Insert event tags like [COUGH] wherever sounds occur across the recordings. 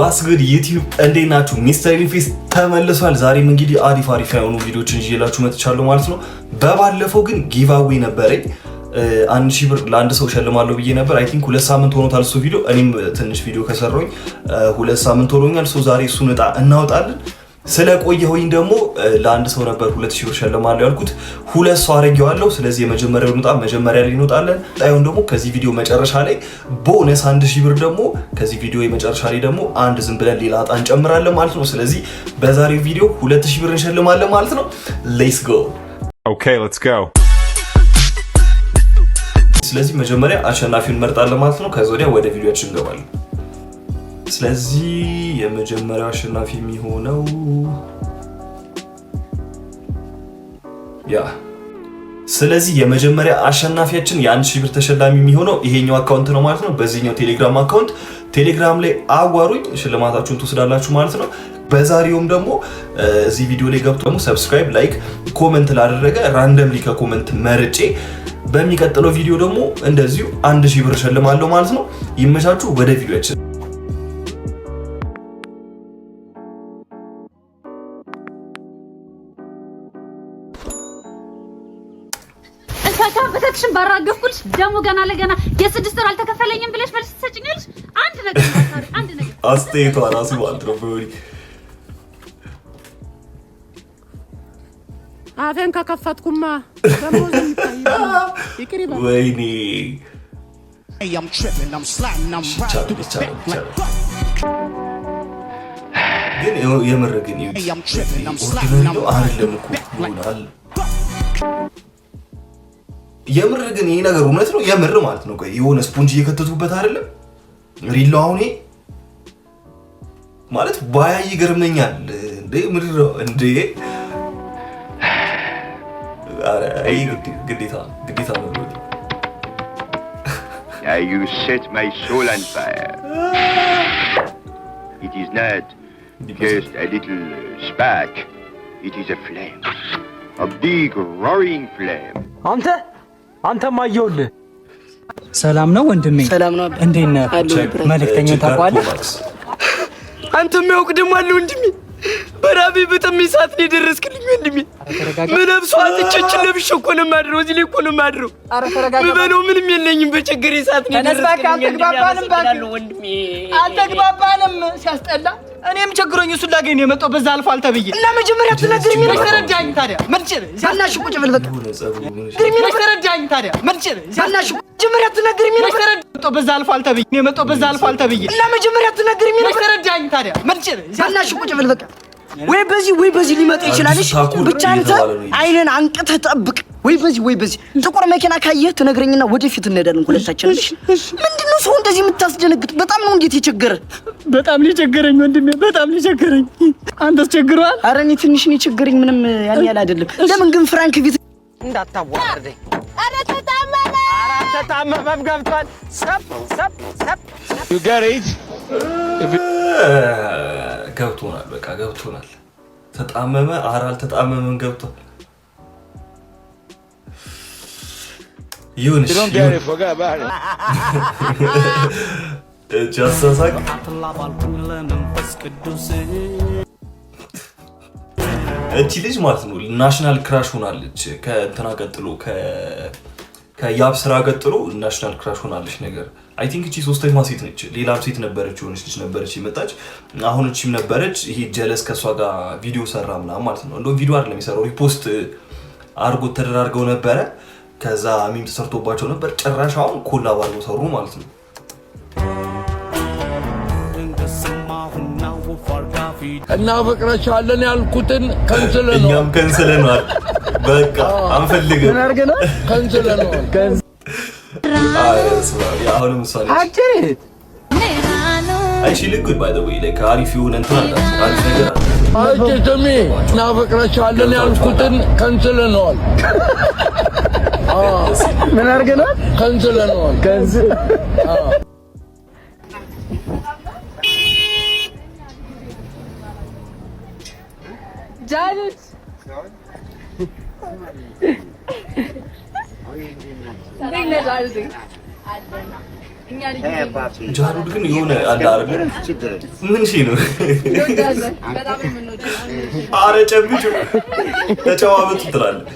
ባስ ጉድ ዩቲዩብ እንዴት ናችሁ? ሚስተር ኢንፌስ ተመልሷል። ዛሬም እንግዲህ አሪፍ አሪፍ የሆኑ ቪዲዮችን ይዤላችሁ መጥቻለሁ ማለት ነው። በባለፈው ግን ጊቫዌ ነበረኝ አንድ ሺህ ብር ለአንድ ሰው ሸልማለሁ ብዬ ነበር። አይ ቲንክ ሁለት ሳምንት ሆኖታል እሱ ቪዲዮ። እኔም ትንሽ ቪዲዮ ከሰራሁኝ ሁለት ሳምንት ሆኖኛል። ዛሬ እሱን እጣ እናወጣለን ስለ ቆየሁኝ ደግሞ ለአንድ ሰው ነበር ሁለት ሺህ ብር ሸልማለሁ ያልኩት፣ ሁለት ሰው አድርጌዋለሁ። ስለዚህ የመጀመሪያው እንውጣ፣ መጀመሪያ ላይ እንወጣለን። ጣይሁን ደግሞ ከዚህ ቪዲዮ መጨረሻ ላይ ቦነስ አንድ ሺህ ብር ደግሞ ከዚህ ቪዲዮ የመጨረሻ ላይ ደግሞ አንድ ዝም ብለን ሌላ እጣ እንጨምራለን ማለት ነው። ስለዚህ በዛሬው ቪዲዮ ሁለት ሺህ ብር እንሸልማለን ማለት ነው። ሌትስ ጎ ኦኬ፣ ሌትስ ጎ ስለዚህ መጀመሪያ አሸናፊውን መርጣለን ማለት ነው። ከዚያ ወዲያ ወደ ቪዲዮችን እንገባለን። ስለዚህ የመጀመሪያው አሸናፊ የሚሆነው ያ ስለዚህ የመጀመሪያ አሸናፊያችን የአንድ ሺህ ብር ተሸላሚ የሚሆነው ይሄኛው አካውንት ነው ማለት ነው። በዚህኛው ቴሌግራም አካውንት ቴሌግራም ላይ አዋሩኝ፣ ሽልማታችሁን ትወስዳላችሁ ማለት ነው። በዛሬውም ደግሞ እዚህ ቪዲዮ ላይ ገብቶ ደግሞ ሰብስክራይብ፣ ላይክ፣ ኮመንት ላደረገ ራንደምሊ ከኮመንት መርጬ በሚቀጥለው ቪዲዮ ደግሞ እንደዚሁ አንድ ሺህ ብር እሸልማለሁ ማለት ነው። ይመቻችሁ። ወደ ቪዲዮችን ከካበተክሽን ባራገፍኩልሽ ደግሞ ገና ለገና የስድስት ወር አልተከፈለኝም ብለሽ መልስ ትሰጭኛለሽ። አንድ ነገር አንድ ነገር አስተያየቷ ራሱ አንድ ነው። በወሪ አፌን ከከፈትኩማ ወይኔ ግን የምር ግን አለም የምር ግን ይሄ ነገር እውነት ነው የምር ማለት ነው። ቆይ የሆነ ስፖንጅ እየከተቱበት አይደለም ሪላው አሁን ማለት ባያ ይገርመኛል እንዴ ምድር እንዴ አይ ግዴታ ግዴታ ነው Yeah, you set my አንተ አንተም አየሁልህ። ሰላም ነው ወንድሜ? ሰላም ነው። እንዴት ነህ? መልእክተኛውን ታውቀዋለህ? አንተም ያውቅ ደግሞ አለ ወንድሜ በራቤ በጠሜ ሰዓት ነው የደረስክልኝ ወንድሜ። ምለብሶ አጥቼችን ለብሼ እኮ ነው የማድረው፣ እዚህ ላይ እኮ ነው የማድረው። ምበለው ምንም የለኝም። በቸገሬ ሰዓት ነው የደረስክልኝ አልተግባባንም፣ ሲያስጠላ። እኔም ቸግሮኝ እሱን ላገኝ የመጣው። በዛ እና መጀመሪያ ተረዳኝ። ታዲያ ቁጭ ብል ተረዳኝ። ታዲያ መጀመሪያ ተረዳኝ። በዛ የመጣው። በዛ እና መጀመሪያ ተረዳኝ። ታዲያ ቁጭ ብል በቃ ወይ በዚህ ወይ በዚህ ሊመጣ ይችላል። እሺ ብቻ አንተ አይንን አንቅተህ ጠብቅ። ወይ በዚህ ወይ በዚህ ጥቁር መኪና ካየህ ትነግረኝና ወደፊት እንሄዳለን ሁለታችን። እሺ ምንድነው ሰው እንደዚህ የምታስደነግጥ? በጣም ነው እንዴት የቸገረ። በጣም ሊቸገረኝ ወንድሜ፣ በጣም ሊቸገረኝ። አንተስ ቸግረዋል? ኧረ እኔ ትንሽ ነው የቸገረኝ፣ ምንም ያን ያህል አይደለም። ለምን ግን ፍራንክ ቤት እንዳታዋርደኝ አረ ተጣመመም ገብቷል። ሰብ ሰብ ሰብ ዩ ጋሬጅ ገብቶናል። በቃ ገብቶናል። ተጣመመ ኧረ አልተጣመመም፣ ገብቷል። እቺ ልጅ ማለት ነው ናሽናል ክራሽ ሆናለች ከእንትና ቀጥሎ ከያብ ስራ ገጥሎ ናሽናል ክራሽ ሆናለች ነገር አይ ቲንክ እቺ ሶስተኛ ሴት ነች። ሌላም ሴት ነበረች የሆነች ልጅ ነበረች የመጣች አሁን እቺም ነበረች። ይሄ ጀለስ ከእሷ ጋር ቪዲዮ ሰራ ምናምን ማለት ነው። እንደውም ቪዲዮ አይደለም የሰራው ሪፖስት አድርጎ ተደራርገው ነበረ። ከዛ ሚም ተሰርቶባቸው ነበር። ጭራሽ አሁን ኮላብ አድርገው ሰሩ ማለት ነው። ፍቅረሻለን ያልኩትን ከንስለ ነው። እኛም ከንስለ ነው። በቃ አንፈልግም። ምን አድርገህ ነው? ከንስለ ነው። አሁንም እሷ ነች። እሺ ጉድ ባይ ዘ አሪፍ እንትን አሪፍ ነገር አለ። ስሚ፣ ያልኩትን ከንስለ ምን አድርገህ ነው? ጃኑስ ጃኑድ ግን የሆነ አለ ምን ሺህ ነው? ኧረ ጨምጩ ተጨዋወቱ ትላለህ።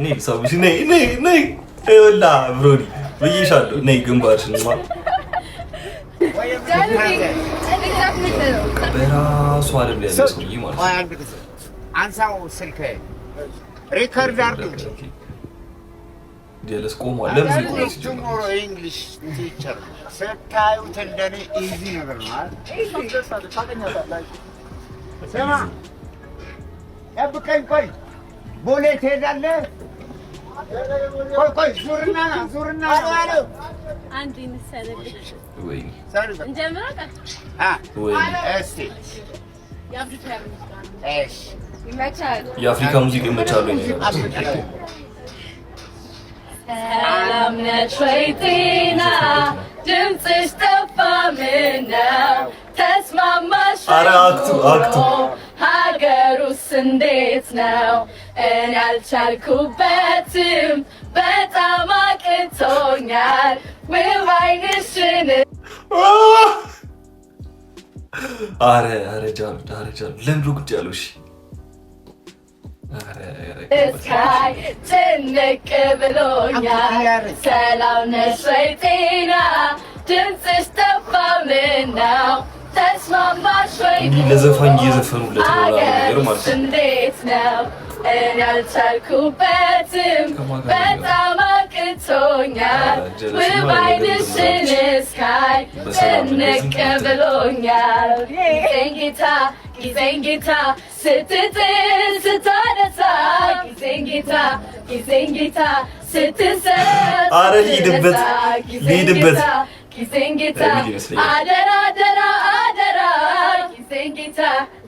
እኔ ብሮኒ ብዬሻለሁ። ነይ ግንባርሽን በራሱ አይደለም ያለ ሰውዬ ማለት ነው። አንድ ጊዜ አንሳው ስልክ ሪከርድ አድርግ ጀለስ ቆሟል። ለምን ቱሞሮ ቲቸር ስታዩት እንደኔ ኢዚ ነገር ስማ፣ ጠብቀኝ። ቆይ ቦሌ ትሄዳለህ። ቆይ ቆይ ዙርና ዙርና የአፍሪካ ሙዚቃ ይመቻሉ። ሰላም ነሽ ወይ ጤና? ድምፅሽ ጠፋ ምነው? ተስማማሽ ሀገር ውስጥ እንዴት ነው? እኔ አልቻልኩበትም በጣም አቅቶኛል። ውብ አይንሽን አረ አረ ጃሉድ አረ ጃሉድ ለምዶ ጉድ ያለው እሺ እስካይ ጭንቅ ብሎኛል። ሰላም ነሽ ወይ ጤና ድምፅሽ ጠፋው ምነው ተስማማሽ ወይ ለዘፋኝ እየዘፈኑለት ነው። እንዴት ነው En altar kupetim Betama ketonya Berbeinishin is kai Benneke belonya Gizengita, gizengita Sitete, sitarata Gizengita, gizengita Sitese, Ara liedebet Liedebet Gizengita Adera, adera, adera Gizengita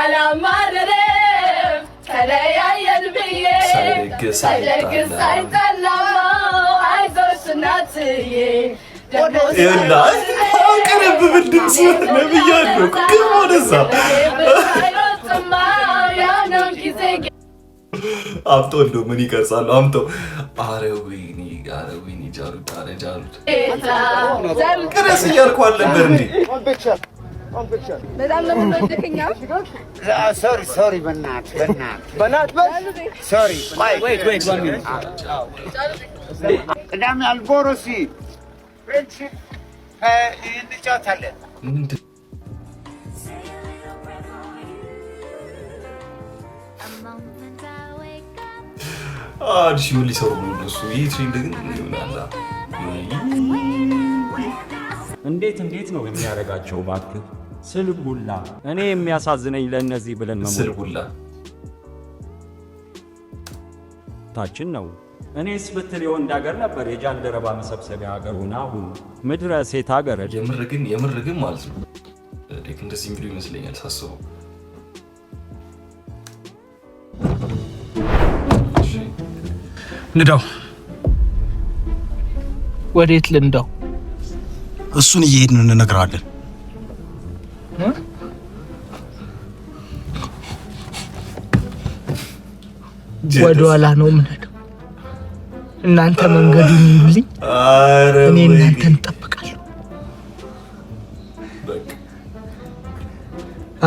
ያላማርርም ተለያየን ብዬ ሳይለግስ አይጠላማ አይዞሽ እናትዬ ቅርብ ምን ይቀርጻሉ? አምጦ ጃሩት ጃሩት ቅረስ እያልኩ አልነበር እንዴ? ሶሪ ሶሪ፣ በእናትህ በእናትህ በእናትህ ሶሪ። ቅዳሜ አልቦሮሲ ፍሬንድሺፕ እንጫወታለን። ሊሰሩ እነሱ እንዴት እንዴት ነው የሚያደርጋቸው እባክህ ስልጉላ እኔ የሚያሳዝነኝ ለእነዚህ ብለን መሞት ስልጉላ ታችን ነው። እኔስ ብትል የወንድ ሀገር ነበር የጃንደረባ መሰብሰቢያ ሀገር ሆነ። አሁን ምድረ ሴት ሀገር የምር ግን የምር ግን ማለት ነው እንደዚህ የሚሉ ይመስለኛል ሳስበው ንዳው ወዴት ልንዳው? እሱን እየሄድን እንነግራለን። ወደ ነው የምንሄደው። እናንተ መንገዱን ይብልኝ፣ እኔ እናንተን እጠብቃለሁ።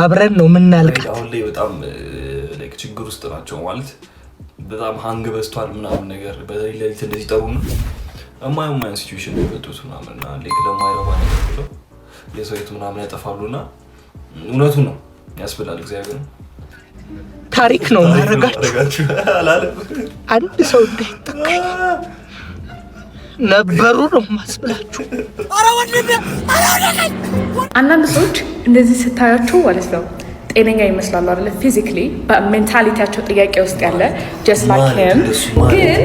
አብረን ነው የምናልቀው። አሁን ላይ በጣም ችግር ውስጥ ናቸው ማለት በጣም ሀንግ በዝቷል ምናምን ነገር በተለይ ለሊት እንደዚህ ጠሩና እማየው ማያን ሲቹዌሽን የመጡት ምናምን እና ለማይረባ ነገር ብለው የሰው ቤት ምናምን ያጠፋሉና እውነቱ ነው ያስብላል። እግዚአብሔር ታሪክ ነው ማረጋችሁ አንድ ሰው እንዳይተካኝ ነበሩ ነው ማስብላችሁ። አንዳንድ ሰዎች እንደዚህ ስታያቸው ማለት ነው ጤነኛ ይመስላሉ አለ ፊዚክሊ በሜንታሊቲያቸው ጥያቄ ውስጥ ያለ ጀስት ላይክ ሂም ግን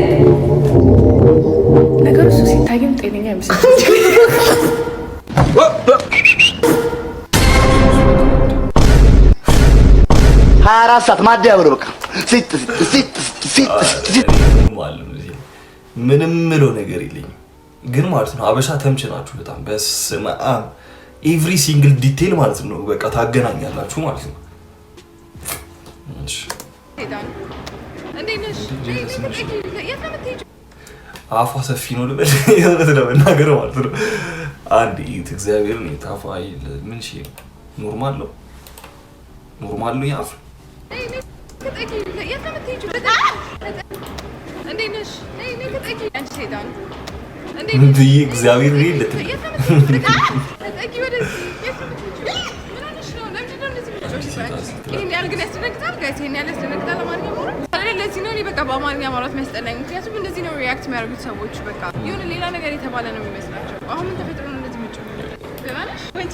ነገሩ እሱ ሲታይም ጤነኛ ይመስላል ማሳት ማደያ ብሎ በቃ ሲት ሲጥ ሲጥ ሲጥ ምንም ምለው ነገር የለኝም። ግን ማለት ነው አበሻ ተምች ናችሁ በጣም በስመ አብ ኤቭሪ ሲንግል ዲቴል ማለት ነው በቃ ታገናኛላችሁ ማለት ነው። አፏ ሰፊ ነው ልበል [LAUGHS] የእውነት ለመናገር ማለት ነው። አንድ እግዚአብሔርን ታፋ ምን ኖርማል ነው ኖርማል ነው የአፍ እንድዬ እግዚአብሔር ይልትል ለዚህ ነው እኔ በቃ በአማርኛ ማውራት የሚያስጠላኝ። ምክንያቱም እንደዚህ ነው ሪያክት የሚያደርጉት ሰዎች። በቃ የሆነ ሌላ ነገር የተባለ ነው የሚመስላቸው። አሁን ምን ተፈጥሮ ነው እንደዚህ ምጭ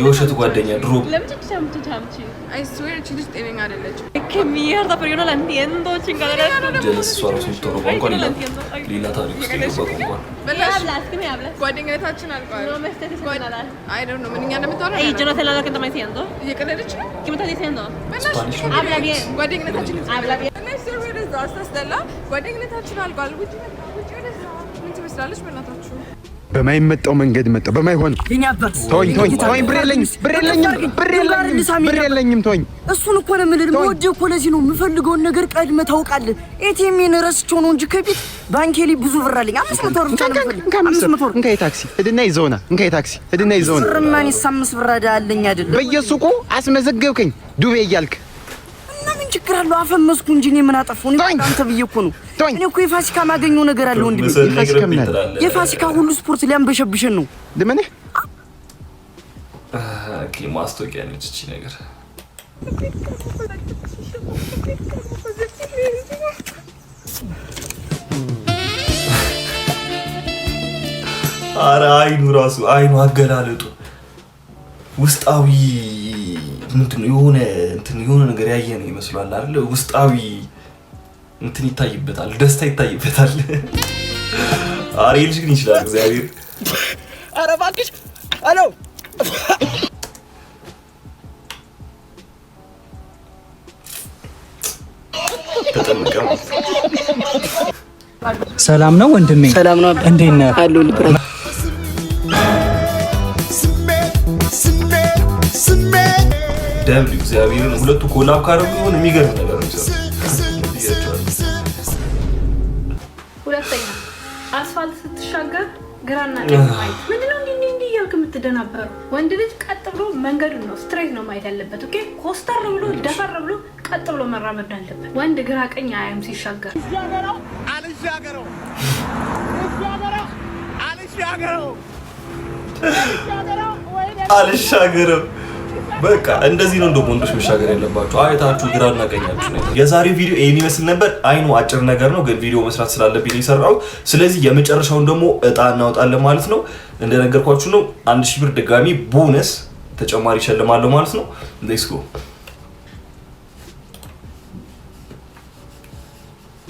የውሸት ጓደኛ ድሮ ሌላ ጓደኝነታችን አልቋል። ምንኛ ምን ትመስላለች በእናታችሁ? በማይመጣው መንገድ መጣ። በማይሆን ተወኝ፣ ተወኝ፣ ብር የለኝም፣ ተወኝ። እሱን እኮ ነው የምልህ። ወደ እኮ ለዚህ ነው የምፈልገውን ነገር ቀድመ ታውቃለህ። ኤቲኤሜን ረስቼው ነው እንጂ ከቤት ባንኬ ላይ ብዙ ብር አለኝ። አምስት መቶ ብር ብቻ ሂድና ይዘውና፣ እንካ ታክሲ ሂድና ይዘውና። ብር ማን አምስት ብር አለኝ አይደለም። በየሱቁ አስመዘገብከኝ ዱቤ እያልክ እቸግራለሁ። አፈመስኩ እንጂ እኔ ምን አጠፋሁ? አንተ ብዬ እኮ ነው። እኔ እኮ የፋሲካ ማገኘው ነገር አለ ወንድሜ። የፋሲካ ሁሉ ስፖርት ሊያንበሸብሸን ነው። ለምን ኦኬ፣ ማስታወቂያ ነች እቺ ነገር። ኧረ አይኑ ራሱ አይኑ አገላለጡ ውስጣዊ ምንድን የሆነ እንትን የሆነ ነገር ያየ ነው ይመስላል አይደል? ውስጣዊ እንትን ይታይበታል፣ ደስታ ይታይበታል። [LAUGHS] አሬ ልጅ ግን ይችላል እግዚአብሔር። ኧረ እባክሽ አሎ ሰላም ነው ወንድሜ፣ ሰላም ነው። እንዴት ነህ? በደንብ እግዚአብሔር ሁለቱ ኮላብ ካደረጉ ይሆን የሚገርም ነገር ነው። ሁለተኛ አስፋልት ስትሻገር ግራና ማየት ምንድነው? እንዲህ እንዲህ እያልክ የምትደናበረው ወንድ ልጅ ቀጥ ብሎ መንገዱን ነው ስትሬት ነው ማየት ያለበት። ኦኬ ኮስተር ብሎ ደፈር ብሎ ቀጥ ብሎ መራመድ አለበት ወንድ። ግራ ቀኝ አያም ሲሻገር አልሻገረው በቃ እንደዚህ ነው እንደ ወንዶች መሻገር ያለባቸው። አይታችሁ ግራ ቀኛችሁ ነው። የዛሬው ቪዲዮ ይሄን ይመስል ነበር። አይኑ አጭር ነገር ነው፣ ግን ቪዲዮ መስራት ስላለብኝ የሰራው። ስለዚህ የመጨረሻውን ደግሞ እጣ እናወጣለን ማለት ነው። እንደነገርኳችሁ ነው። አንድ ሺህ ብር ድጋሚ ቦነስ ተጨማሪ ይሸልማለሁ ማለት ነው። ሌትስ ጎ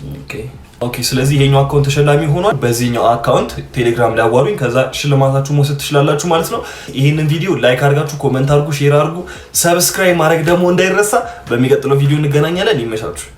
የሚገኝ ኦኬ። ስለዚህ ይሄኛው አካውንት ተሸላሚ ሆኗል። በዚህኛው አካውንት ቴሌግራም ላይ አዋሩኝ፣ ከዛ ሽልማታችሁ መውሰድ ትችላላችሁ ማለት ነው። ይህንን ቪዲዮ ላይክ አድርጋችሁ ኮመንት አድርጉ፣ ሼር አድርጉ። ሰብስክራይብ ማድረግ ደግሞ እንዳይረሳ። በሚቀጥለው ቪዲዮ እንገናኛለን። ይመቻችሁ።